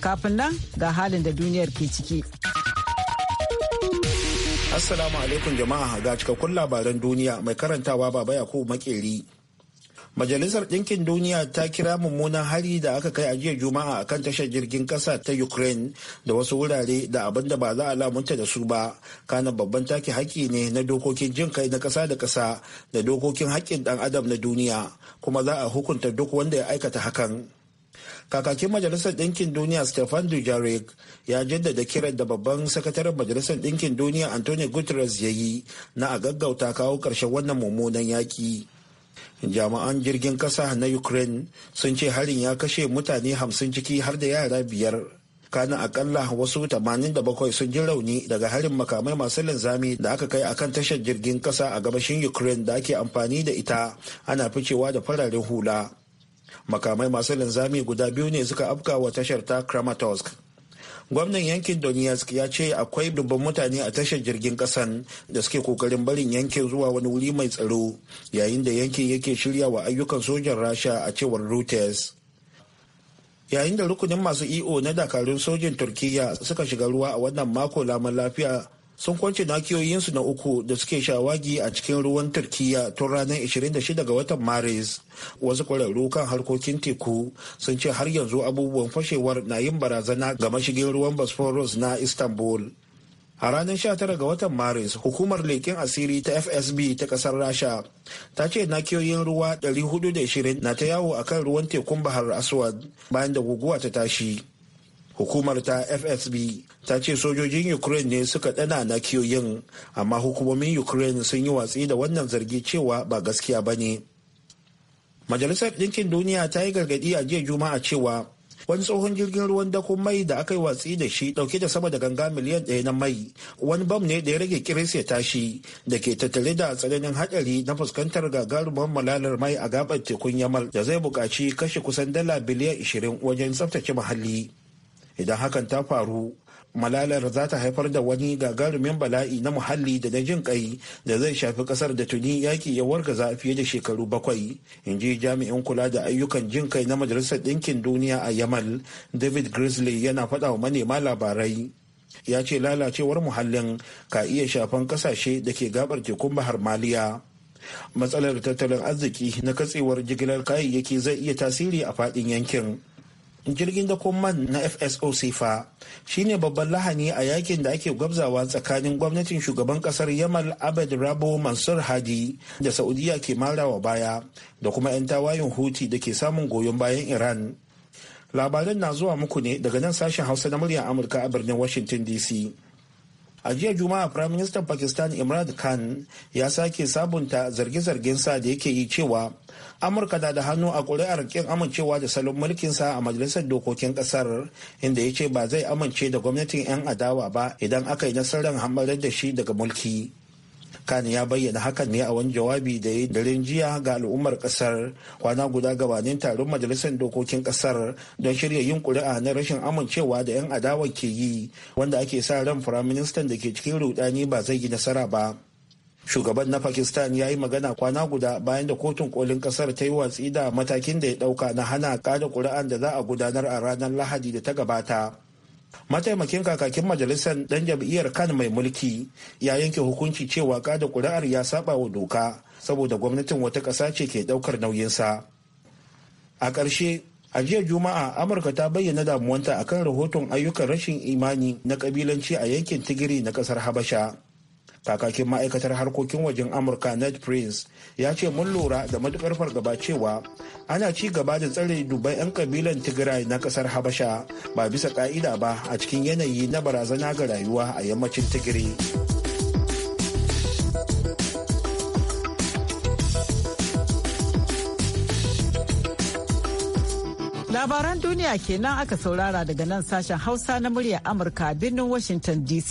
Kafin nan ga halin da duniyar ke ciki. Assalamu alaikum jama'a ga cikakkun labaran duniya mai karantawa baba Yakubu Makeri. Majalisar Ɗinkin Duniya ta kira mummunan hari da aka kai a jiya Juma'a a kan tashar jirgin ƙasa ta Ukraine da wasu wurare da abin da ba za a lamunta da su ba. kanan babban take haƙƙi ne na dokokin jin kai na ƙasa da ƙasa da dokokin haƙƙin ɗan adam na duniya kuma za a hukunta duk wanda ya aikata hakan. kakakin majalisar ɗinkin duniya stefan dujarik ya jaddada kiran da babban sakataren majalisar ɗinkin duniya antonio guterres ya yi na a gaggauta kawo ƙarshen wannan mummunan yaƙi jami'an jirgin ƙasa na ukraine sun ce harin ya kashe mutane hamsin ciki har da yara biyar kana akalla wasu 87 sun ji rauni daga harin makamai masu linzami da aka kai akan tashar jirgin kasa a gabashin ukraine da ake amfani da ita ana ficewa da fararen hula makamai masu linzami guda biyu ne suka afka wa tashar ta kramatorsk gwamnan yankin donetsk ya ce akwai dubban mutane a tashar jirgin kasan da suke kokarin barin yankin zuwa wani wuri mai tsaro yayin da yankin yake shirya wa ayyukan sojan rasha a cewar reuters yayin da rukunin masu iyo e na dakarun sojin turkiya suka shiga ruwa a wannan mako lamar lafiya sun kwance nakiyoyinsu na uku da suke shawagi a cikin ruwan turkiya tun ranar 26 ga watan maris wasu kwararru kan harkokin teku sun ce har yanzu abubuwan fashewar na yin barazana ga mashigin ruwan bosphorus na istanbul a ranar 19 ga watan maris hukumar leƙen asiri ta fsb ta ƙasar rasha ta ce nakiyoyin ruwa 420 na ta yawo a kan ruwan tekun bahar aswad bayan da guguwa ta tashi hukumar ta fsb ta ce sojojin ukraine ne suka dana na kiyoyin amma hukumomin ukraine sun yi watsi da wannan zargi cewa ba gaskiya ba ne majalisar ɗinkin duniya ta yi gargaɗi a jiya juma'a cewa wani tsohon jirgin ruwan dako mai da aka yi watsi da shi ɗauke da sama da ganga miliyan ɗaya na mai wani bam ne da ya rage kiris ya tashi da ke tattare da tsananin haɗari na fuskantar gagarumar malalar mai a gabar tekun yamal da zai buƙaci kashe kusan dala biliyan 20 wajen tsaftace muhalli idan hakan ta faru malalar za ta haifar da wani gagarumin bala'i na muhalli da na jin kai da zai shafi kasar da tuni yaki ya wargaza fiye da shekaru bakwai in ji jami'in kula da ayyukan jin kai na majalisar ɗinkin duniya a yamal david grizzly yana faɗa wa manema labarai ya ce lalacewar muhallin ka iya shafan kasashe da ke gabar tekun bahar maliya matsalar tattalin arziki na katsewar jigilar kayayyaki zai iya tasiri a faɗin yankin jirgin da man na fso sefa shine babban lahani a yakin da ake gwabzawa tsakanin gwamnatin shugaban kasar yamal abed rabo mansur hadi da saudiya ke marawa baya da kuma 'yan tawayen huti da ke samun goyon bayan iran labaran na zuwa muku ne daga nan sashen hausa na muryar amurka a birnin washington dc a jiya juma'a prime minister pakistan imran khan ya sake sabunta zarge-zargen sa da yake yi cewa amurka na da hannu a ƙuri'ar kin amincewa da salon mulkin sa a majalisar dokokin ƙasar inda ya ce ba zai amince da gwamnatin 'yan adawa ba idan aka yi nasarar hamarar da shi daga mulki kan ya bayyana hakan ne a wani jawabi da ya daren jiya ga al'ummar kasar kwana guda gabanin taron majalisar dokokin kasar don shirya yin kuri'a na rashin amincewa da 'yan adawa ke yi wanda ake sa ran firaministan da ke cikin rudani ba zai yi nasara ba shugaban na pakistan ya yi magana kwana guda bayan da kotun kolin kasar ta yi watsi da matakin da ya dauka na hana kada kuri'an da za a gudanar a ranar lahadi da ta gabata mataimakin kakakin majalisar ɗan jam'iyyar kan mai mulki ya yanke hukunci cewa kada kuri'ar ya saba wa doka saboda gwamnatin wata ƙasa ce ke ɗaukar nauyinsa a ƙarshe a jiya juma'a amurka ta bayyana damuwanta akan rahoton ayyukan rashin imani na ƙabilanci a yankin tigiri na ƙasar habasha kakakin ma'aikatar harkokin wajen amurka ned prince ya ce mun lura da matukar fargaba cewa ana ci gaba da tsare dubai 'yan kabilan tigray na kasar habasha ba bisa ka'ida ba a cikin yanayi na barazana ga rayuwa a yammacin tigray. labaran duniya kenan aka saurara daga nan sashen hausa na murya amurka birnin washington dc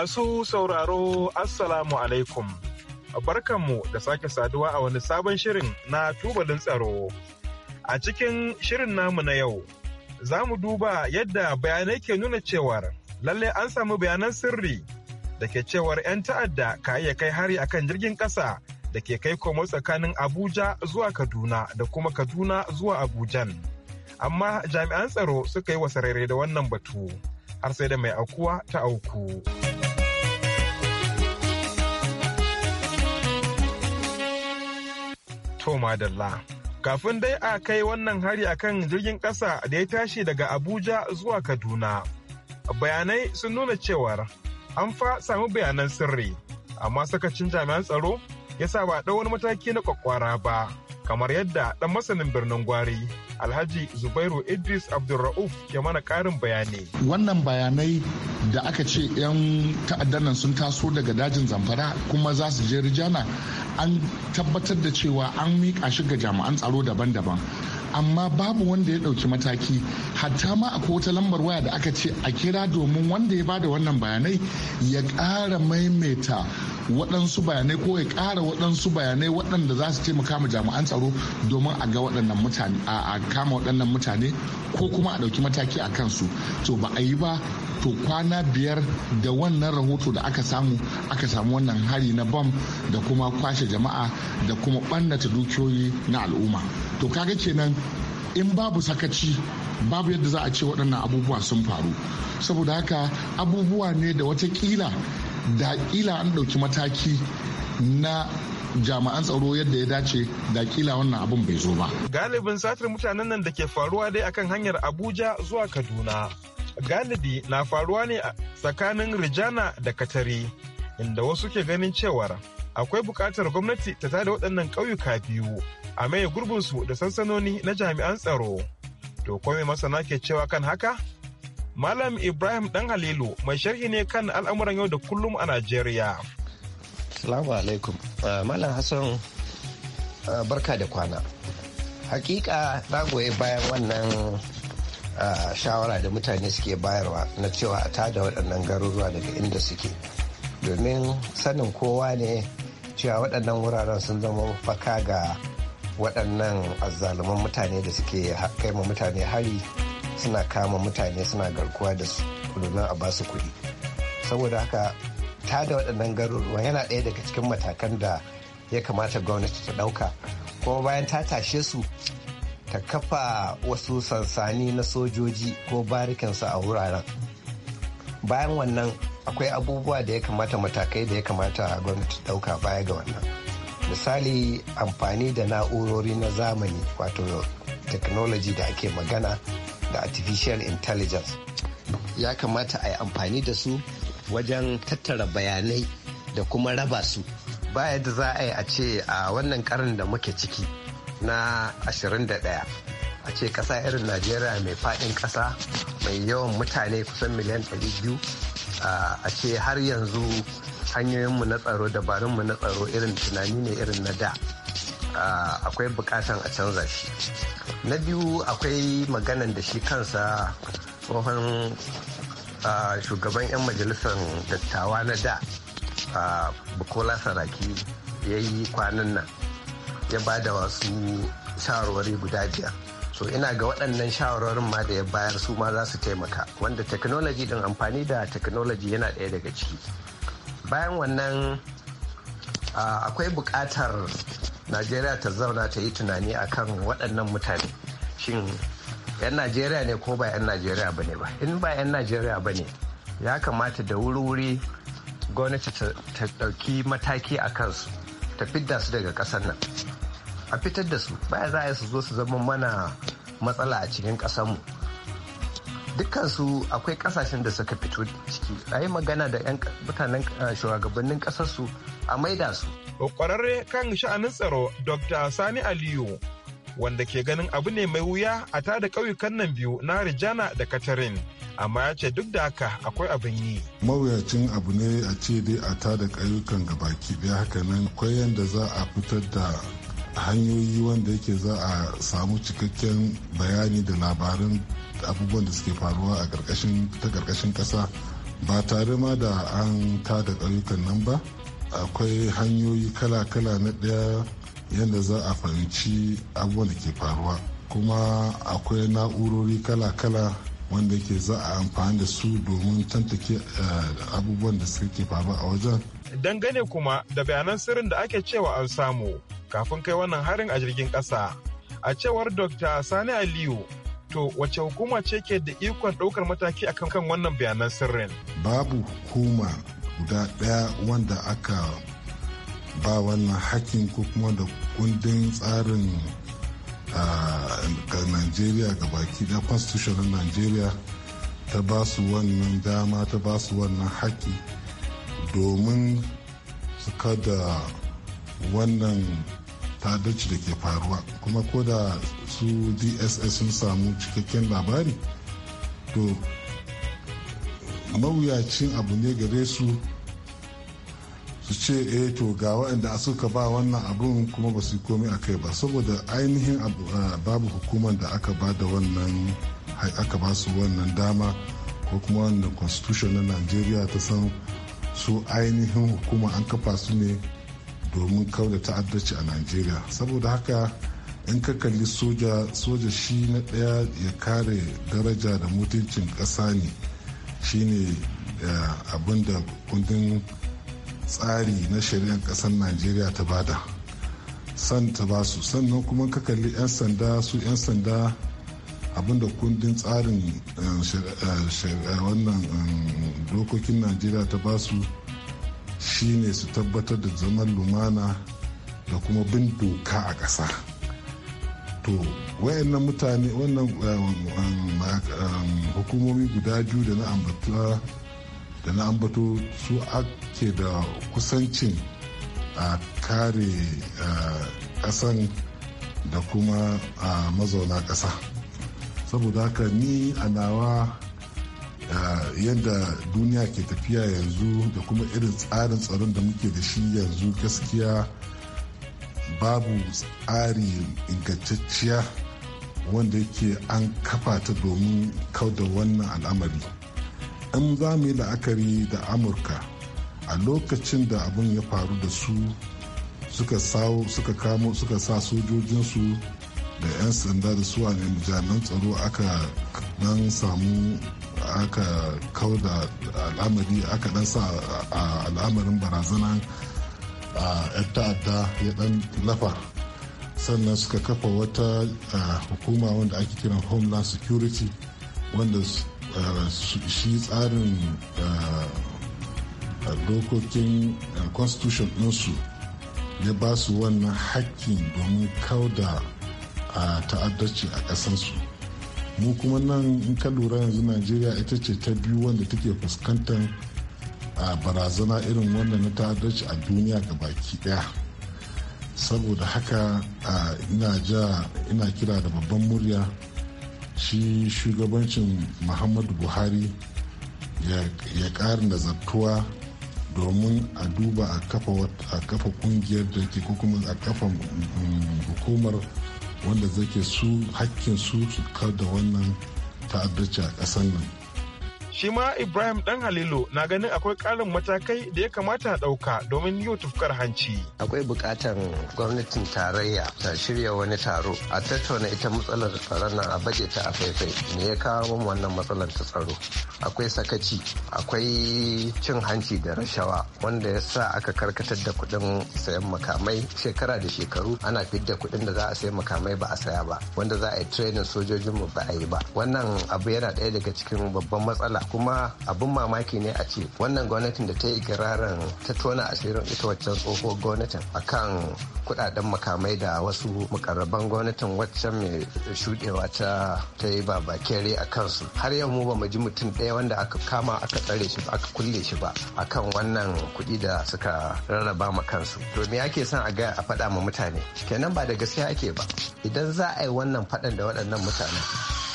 Masu sauraro Assalamu alaikum. Barkanmu da sake saduwa a wani sabon shirin na tubalin tsaro. A cikin shirin namu na yau, za mu duba yadda bayanai ke nuna cewar lalle an samu bayanan sirri da ke cewar 'yan ta'adda ka iya kai hari a kan jirgin ƙasa da ke kai komo tsakanin Abuja zuwa Kaduna da kuma Kaduna zuwa Abujan. Amma jami'an tsaro suka yi wasarere da wannan batu har sai da mai aukuwa ta auku. Toma Dalla. Kafin dai a kai wannan hari akan jirgin ƙasa da ya tashi daga Abuja zuwa Kaduna. Bayanai sun nuna cewar an fa samu bayanan sirri, amma sakacin jami'an tsaro ya sa ba ɗau wani mataki na kwakwara ba. kamar yadda ɗan masanin birnin gwari alhaji zubairu idris abdulra'uf ya mana karin bayani wannan bayanai da aka ce 'yan ta'addan sun taso daga dajin zamfara kuma za su je rijana an tabbatar da cewa an miƙa shi ga jami'an tsaro daban-daban amma babu wanda ya ɗauki mataki hatta ma akwai wata lambar waya da aka ce a kira domin wanda ya bada wannan bayanai ya ƙara maimaita waɗansu bayanai ko ya ƙara waɗansu bayanai waɗanda za su taimaka ma jami'an tsaro domin a ga waɗannan mutane a kama waɗannan mutane ko kuma a ɗauki mataki a kansu to ba a yi ba to kwana biyar da wannan rahoto da aka samu aka samu wannan hari na bam da kuma kwashe jama'a da kuma ɓannata dukiyoyi na al'umma to kaga kenan in babu sakaci babu yadda za a ce waɗannan abubuwa sun faru saboda haka abubuwa ne da wata watakila da kila an ɗauki mataki na jami'an tsaro yadda ya dace da kila wannan abun bai zo ba. Galibin satar mutanen nan da ke faruwa dai akan hanyar Abuja zuwa Kaduna. Galibi na faruwa ne tsakanin Rijana da Katare, inda wasu ke ganin cewar akwai bukatar gwamnati ta tada waɗannan ƙauyuka biyu a maye gurbinsu da sansanoni na jami'an tsaro. To kome masana ke cewa kan haka? Malam Ibrahim Dan Halilu mai sharhi ne kan al'amuran yau da kullum a Najeriya. Salamu alaikum. Uh, Malam Hassan uh, barka da kwana. Hakika na goyi bayan wannan uh, shawara da mutane suke bayarwa na cewa a tada waɗannan garuruwa daga inda suke. Domin sanin kowa ne cewa waɗannan wuraren sun zama faka ga waɗannan azzaluman mutane da suke kai ma mutane hari. suna kama mutane suna garkuwa da su domin a basu kuɗi saboda haka ta da waɗannan garuruwan yana ɗaya daga cikin matakan da ya kamata gwamnati ta ɗauka kuma bayan ta tashe su ta kafa wasu sansani na sojoji ko barikinsu a wuraren bayan wannan akwai abubuwa da ya kamata matakai da ya kamata gwamnati ɗauka baya ga wannan misali amfani da na'urori na zamani wato technology da ake magana da artificial intelligence ya kamata a yi amfani da su wajen tattara bayanai da kuma raba su ba yadda za a yi a ce a wannan karin da muke ciki na 21 a ce kasa irin najeriya mai fadin kasa mai yawan mutane kusan miliyan 200 a ce har yanzu hanyoyinmu na tsaro dabarunmu na tsaro irin tunani ne irin na da akwai bukatan a canza shi na biyu akwai maganan da shi kansa tsohon shugaban 'yan majalisar dattawa na da bukola saraki ya yi kwanan nan ya ba da wasu shawarwari guda biyar so ina ga waɗannan shawarwarin ma da ya bayar su ma za su taimaka wanda technology din amfani da technology yana ɗaya daga ciki bayan wannan akwai buƙatar najeriya ta zauna ta yi tunani akan waɗannan mutane shin 'yan najeriya ne ko ba 'yan najeriya ba ne ba in ba 'yan najeriya ba ne ya kamata da wuri-wuri gwamnati ta ɗauki mataki a kansu ta fidda su daga ƙasar nan a fitar da su baya za a su zo su zama mana matsala a cikin ƙasarmu dukkansu akwai ƙasashen da suka fito ciki a yi magana da 'yan mutanen eh, shugabannin ƙasarsu a maida su kwararre kan sha'anin tsaro dr sani aliyu wanda ke ganin abu ne mai wuya a tada kauyukan nan biyu na rijana da katarin amma ya ce duk da haka akwai abin yi mawuyacin abu ne a ce dai a tada ga baki ɗaya haka nan akwai yadda za a fitar da hanyoyi wanda yake za a samu cikakken bayani da labarin abubuwan da suke faruwa a ta karkashin ƙasa ba tare ma da an tada ƙauyukan nan ba akwai hanyoyi kala-kala na ɗaya yadda za a fahimci abubuwan da ke faruwa kuma akwai na'urori kala-kala wanda ke za a amfani da su domin tantake eh, abubuwan da suka ke faruwa a wajen dangane kuma da bayanan sirrin da ake cewa an samu kafin kai wannan harin a jirgin ƙasa a cewar dr sani aliyu to wace hukuma ce ke da ikon ɗaukar mataki akan kan wannan bayanan sirrin babu hukuma guda ɗaya wanda aka ba wannan hakkin ko kuma da kundin tsarin ga nigeria ga baki da constitution na Najeriya ta ba su wannan dama ta ba su wannan haƙƙi domin su kada wannan tadaci da ke faruwa kuma ko da su dss sun samu cikakken labari to mawuyacin abu ne gare su su ce eh to ga waɗanda suka ba wannan abun kuma ba su yi komai a kai ba saboda ainihin babu hukumar da aka ba da wannan aka ba su wannan dama ko kuma wannan constitution na nigeria ta san su ainihin hukuma an kafa su ne domin kauda ta'addaci a nigeria saboda haka in ka kalli soja soja shi na ɗaya ya kare daraja da mutuncin ƙasa ne shine abin da kundin tsari na shari'ar kasar najeriya ta bada san ta ba su sannan kuma ka kalli 'yan sanda su 'yan sanda abinda kundin tsarin eh, eh, eh, wannan dokokin najeriya ta ba su shine su tabbatar da zaman lumana da kuma bin doka a ƙasa to wayannan mutane wannan um, um, um, hukumomi guda biyu da na ambata da na ambato su ake da kusancin a kare kasan da kuma a mazauna kasa saboda haka ni a nawa yadda duniya ke tafiya yanzu da kuma irin tsarin tsaron da muke da shi yanzu gaskiya babu tsari ingantacciya wanda yake an kafa ta domin kauda wannan al'amari in za mu yi la'akari da amurka a lokacin da abin ya faru da su suka sawo suka kamo suka sa sojojinsu da 'yan sanda da su jami'an tsaro aka dan samu aka kauda al'amari aka dan sa al'amarin barazana. a 'yan ta'adda ya dan lafa sannan suka kafa wata hukuma wanda ake kiran homeland security wanda shi tsarin dokokin constitution ɗinsu ya ba su wannan hakkin domin kauda a ta'addarci a ƙasansu mu kuma nan in ka lura yanzu najeriya ita ce ta biyu wanda take fuskantar a barazana irin wannan na ta'addaci a duniya ga baki daya saboda haka ina kira da babban murya shi shugabancin muhammadu buhari ya ƙara nazartuwa domin a duba a kafa kungiyar da ke kuma a kafa mm, hukumar wanda zake su hakkin su da wannan ta'addaci a ƙasar nan Shi ma Ibrahim Dan Halilu na ganin akwai ƙarin matakai da ya kamata a ɗauka domin yau tufkar hanci. Akwai buƙatan gwamnatin tarayya ta shirya wani taro a tattauna ita matsalar tsaron nan a baje ta a faifai. Me ya kawo min wannan matsalar ta tsaro? Akwai sakaci, akwai cin hanci da rashawa wanda ya sa aka karkatar da kuɗin sayan makamai shekara da shekaru ana fidda kuɗin da za a sayi makamai ba a saya ba wanda za a yi training sojojinmu ba a yi ba. Wannan abu yana ɗaya daga cikin babban matsala matsala kuma abin mamaki ne a ce wannan gwamnatin da ta yi ikirarin ta tona asirin ita waccan tsohuwar gwamnatin a kan kudaden makamai da wasu mukarraban gwamnatin waccan mai shudewa ta ta yi babakere a kansu har yau mu ba mu ji mutum ɗaya wanda aka kama aka tsare shi aka kulle shi ba a kan wannan kuɗi da suka rarraba ma kansu to me ake son a ga a faɗa ma mutane kenan ba da gaskiya ake ba idan za a yi wannan faɗan da waɗannan mutane.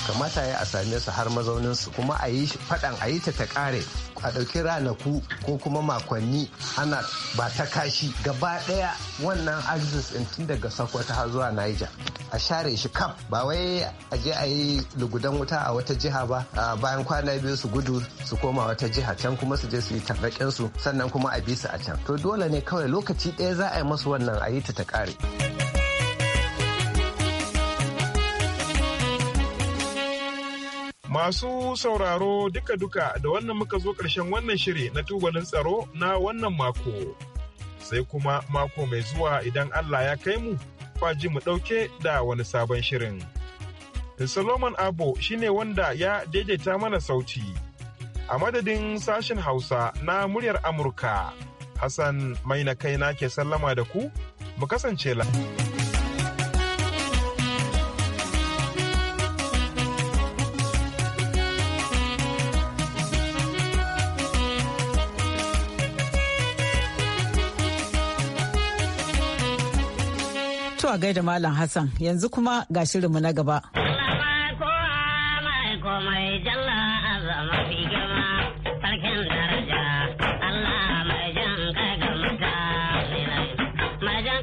kamata ya a same su har mazauninsu kuma a yi faɗan a yi ta ta kare a ɗauki ranaku ko kuma makonni ana ba ta kashi gaba ɗaya wannan axis ɗin tun daga sokoto har zuwa niger a share shi kaf ba wai a je a yi lugudan wuta a wata jiha ba bayan kwana biyu su gudu su koma wata jiha can kuma su je su yi tabbakin su sannan kuma a bi su a can to dole ne kawai lokaci ɗaya za a yi masu wannan a yi ta ta ƙare. Masu sauraro duka-duka da wannan muka zo ƙarshen wannan shiri na tubalin tsaro na wannan mako. Sai kuma mako mai zuwa idan Allah ya kai mu, faji mu ɗauke da wani sabon shirin. Solomon Abo shine wanda ya daidaita mana sauti. A madadin sashen Hausa na muryar Amurka, Hassan mai na kaina ke sallama da ku, mu kasance lafiya. a gaida Malam Hassan yanzu kuma ga shirinmu na gaba. Allah mai jan kai ga mutane, mai jan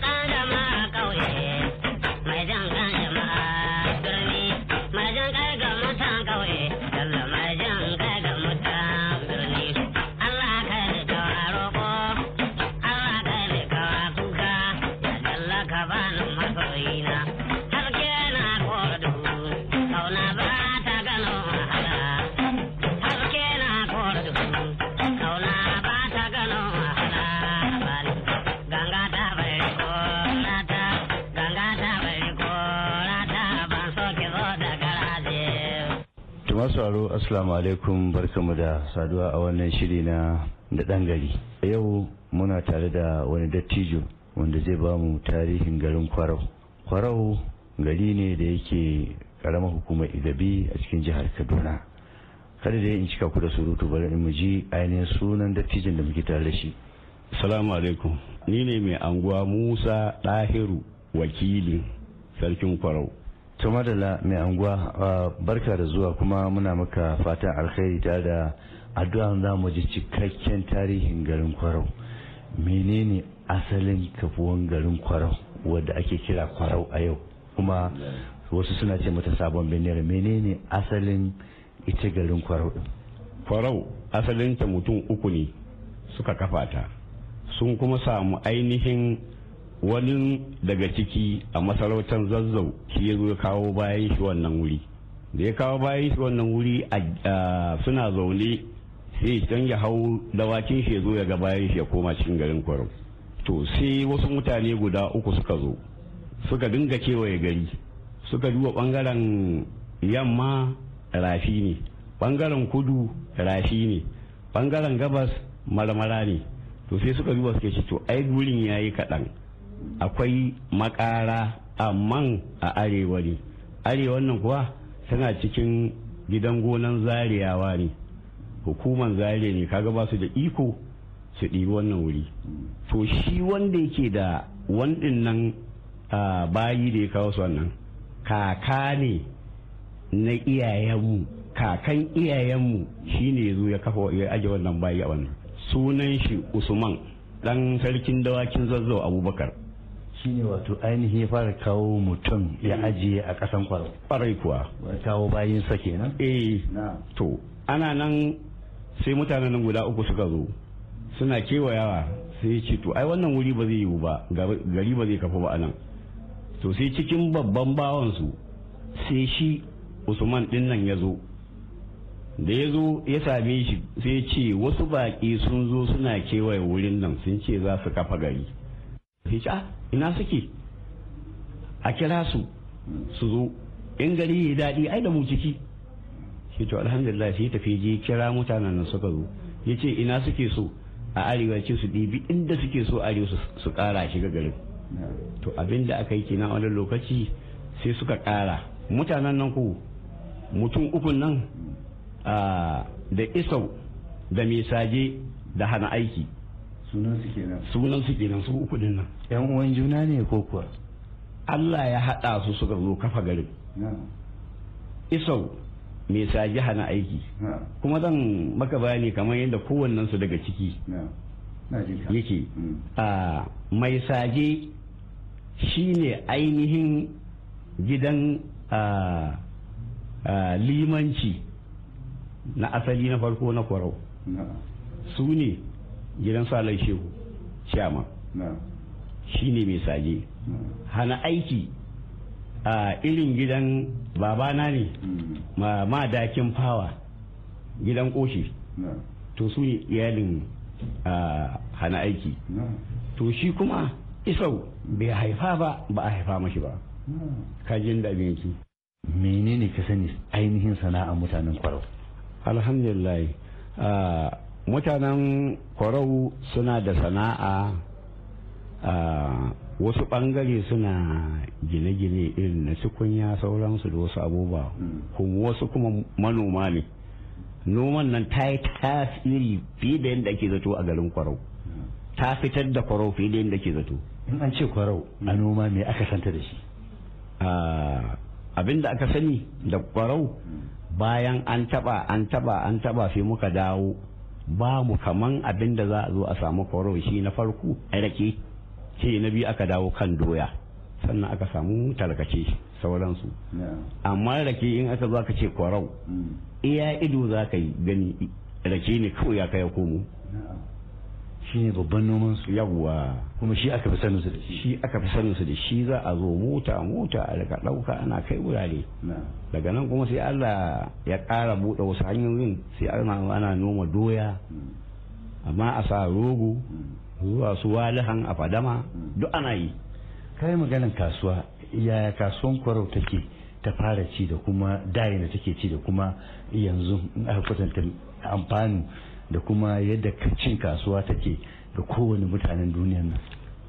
masu aro assalamu alaikum barkamu da saduwa a wannan shiri na da dan gari yau muna tare da wani dattijo wanda zai ba mu tarihin garin kwarau kwarau gari ne da yake karamar hukumar igabi a cikin jihar kaduna kada dai in cika ku da surutu bari in mu ainihin sunan dattijin da muke tare da shi assalamu alaikum ni ne mai anguwa musa ɗahiru wakilin sarkin kwarau to madalla mai anguwa barka da zuwa kuma muna maka fatan alkhairi ta da addu'a za mu ji cikakken tarihin garin kwarau menene asalin kafuwan garin kwarau wadda ake kira kwarau a yau kuma wasu suna ce mata sabon benin menene asalin ita garin kwarau kwarau asalinta mutum uku ne suka kafa ta sun kuma samu ainihin wani daga ciki a masarautar zazzau shi ya zo kawo bayan shi wannan wuri da ya kawo bayan shi wannan wuri a suna zaune sai can ya hau dawakin shi ya zo ya ga bayan shi ya koma cikin garin kwarau to sai wasu mutane guda uku suka zo suka dinga kewaye gari suka duba bangaren yamma rafi ne bangaren kudu rafi ne bangaren gabas marmara ne to sai suka duba suke ci to ai gurin yayi kaɗan akwai makara amman a arewa ne arewa nan kuwa tana cikin gidan gonan zariyawa ne hukuman zariya ne kaga ba su da iko su ɗibi wannan wuri to shi wanda yake da wandin nan bayi da ya kawo su wannan kaka ne na iyayenmu kakan iyayenmu shine ya zo ya kafa ya aje wannan bayi a wannan sunan shi usman dan sarkin dawakin zazzau abubakar shine wato ainihi ya fara kawo mutum ya ajiye a kasan kwaro kwarai kuwa kawo bayin sa kenan eh to ana nan sai mutanen nan guda uku suka zo suna kewayawa sai ce to ai wannan wuri ba zai yiwu ba gari ba zai kafa ba anan to sai cikin babban bawan su sai shi usman din nan ya zo da ya zo ya same shi sai ce wasu baƙi sun zo suna kewaye wurin nan sun ce za su kafa gari sai ce ah, ina suke a kira su su zo in gari ya daɗi ai da mu ciki shi to alhamdulillah sai tafi je kira mutanen nan suka zo ya ce ina suke so a arewa ce su ɗibi inda suke so a arewa su ƙara shiga garin to abin da aka yi kina wani lokaci sai suka ƙara mutanen nan ko mutum ukun nan da isau da mai saje da hana aiki sunan su kenan su uku din nan yan uwan juna ne ko kuwa Allah ya haɗa su suka zo kafa garin isau mai saji hana aiki kuma zan maka bayani kamar yadda kowannen su daga ciki yake mm. a mai saje shine ainihin gidan limanci na asali na farko na kwarau su ne gidan salon shehu shama Shi ne mai sage hana aiki a irin gidan babana ne ma dakin fawa gidan koshi to su ne iyalin hana aiki to shi kuma isau bai haifa ba ba a haifa mashi ba kajin da abinci menene ka sani ainihin sana'a mutanen kwarau alhamdulillah mutanen kwarau suna da sana'a Ah, wasu bangare suna gine-gine irin na ya sauransu da wasu abubuwa hmm. kuma wasu kuma manoma ne noman nan ta yi tasiri fiye da yadda ake zato a garin kwarau hmm. ta fitar da kwarau fiye da yadda ake zato in an ce kwarau a hmm. noma me aka santa da shi ah, abin da aka sani da kwarau bayan an taba an taba an taba sai muka dawo ba mu kaman abin da za a zo a samu kwarau shi na farko a rake ce na biyu aka dawo kan doya sannan aka samu tarkace sauransu amma rake in aka zo aka ce kwarau mm. iya ido za ka yi gani rake ne kawai ya kaya komo shi ne babban noman su yawwa kuma shi aka fi sanin su da shi shi aka fi sanin su da shi za a zo mota mota a daga dauka ana kai wurare daga nan kuma sai Allah ya ƙara buɗe wasu hanyoyin sai ana noma doya mm. amma a sa rogo mm. zuwa su walihan a fadama duk ana yi kai maganin kasuwa yaya kasuwan kwarau take ta fara ci da kuma dayin da take ci da kuma yanzu aka kwatanta amfani da kuma yadda cin kasuwa take da kowane mutanen duniyan nan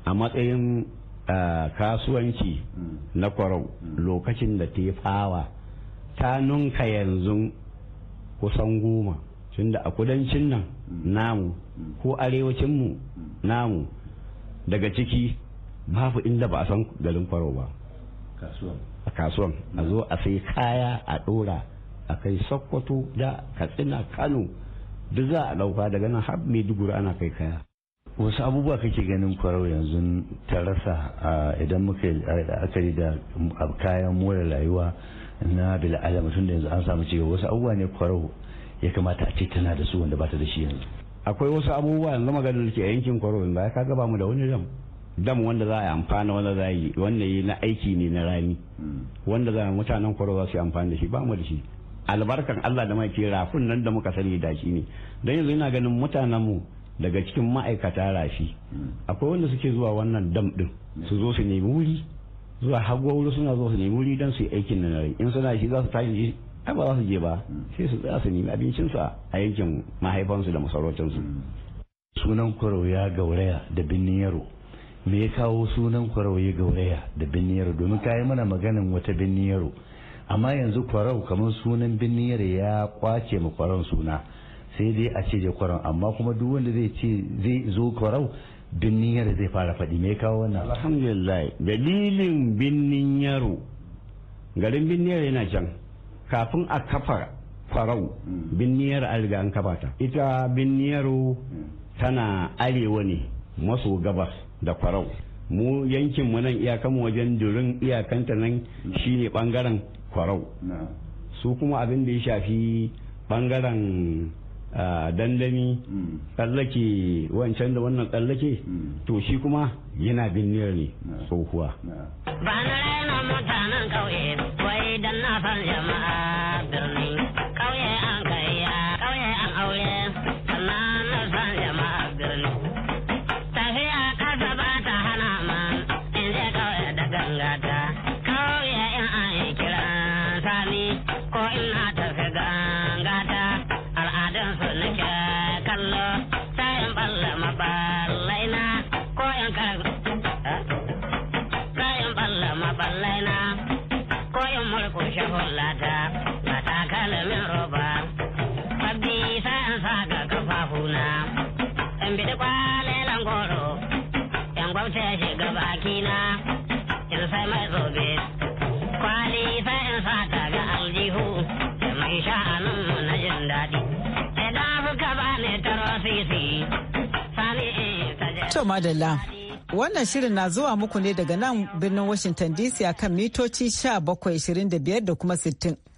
a matsayin kasuwanci na kwarau lokacin da ta yi fawa ta nunka yanzu kusan goma tunda a kudancin nan namu ko arewacinmu namu daga ciki babu inda ba a san garin kwaro ba a kasuwan a zo a sai kaya a dora a kai sokoto da katsina kano duk za a dauka daga nan har maiduguri ana kai kaya wasu abubuwa kake ganin kwarau yanzu ta rasa idan muka akari da kayan more rayuwa na bil'adama tun da yanzu an samu cewa wasu abubuwa ne kwarau ya kamata a ce tana da su wanda ba ta da shi yanzu akwai wasu abubuwa yanzu magana da ke yankin kwarobin ba ka gaba mu da wani dam dam wanda za a amfana wanda za yi wanda yi na aiki ne na rani hmm. wanda za a mutanen koro za su yi amfani da shi ba mu da shi albarkan Allah da maki rafin nan da muka sani da shi ne don yanzu ina ganin mutanen mu daga cikin ma'aikata rafi hmm. akwai wanda suke zuwa wannan dam din hmm. su zo su nemi wuri zuwa hagu wuri suna zo su nemi wuri don su yi aikin na rani in suna shi za su tashi ai ba za su je ba hmm. sai su tsaya su nemi abincinsu a yankin mahaifansu da masarautarsu hmm. sunan ya gauraya da binnin yaro me ya kawo sunan kwarauya gauraya da binnin yaro domin ka yi mana maganin wata binnin yaro amma yanzu kwarau kamar sunan binnin yaro ya kwace ma kwaron suna sai dai a ce kwaron amma kuma duk wanda zai ce zai zo kwarau binnin yaro zai fara faɗi me ya kawo wannan alhamdulillah dalilin binnin yaro garin binnin yaro yana can kafin a kafa farau mm. binniyar an riga an kafa ta ita binniyaru mm. tana arewa ne maso gabas da farau mu yankin mu nan iyakan wajen durin iyakanta nan mm. shine bangaren farau su kuma abin da ya shafi bangaren ah, dandami tsallake wancan da wannan tsallake to shi kuma yana binniyar ne tsohuwa ba na mutanen kauye wai dan na jama'a yan goro yan gwamce ya shiga bakina in sai mai zobe kwali sai in sa ta ga aljihu mai sha'anin mu na jin daɗi idan suka ba ne taro sisi sani ta madalla Wannan shirin na zuwa muku ne daga nan birnin Washington DC a kan mitoci 1725 da kuma 60.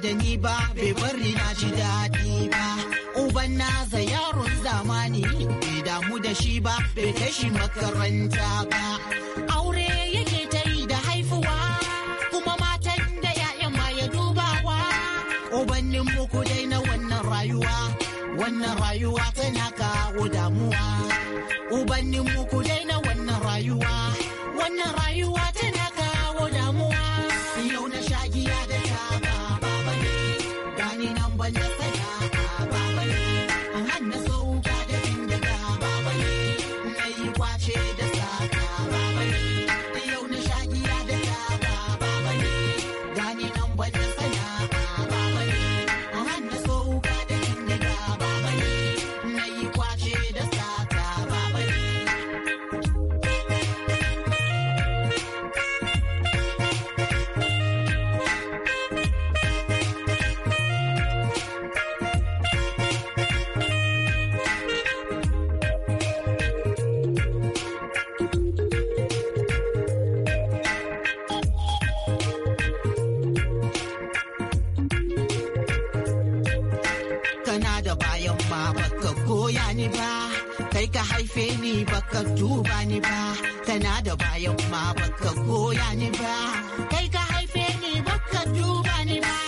dani da ni ba bai bari na ji daɗi ba uban na za yaron zamani bai damu da shi ba bai kashi makaranta ba aure yake ta yi da haifuwa kuma matan da ya'yan ma ya dubawa ubannin muku dai na wannan rayuwa wannan rayuwa tana kawo damuwa ubannin muku dai na wannan rayuwa wannan rayuwa haife ni baka tuba ni ba tana da bayan ma baka goya ni ba kai ka haife ni baka tuba ni ba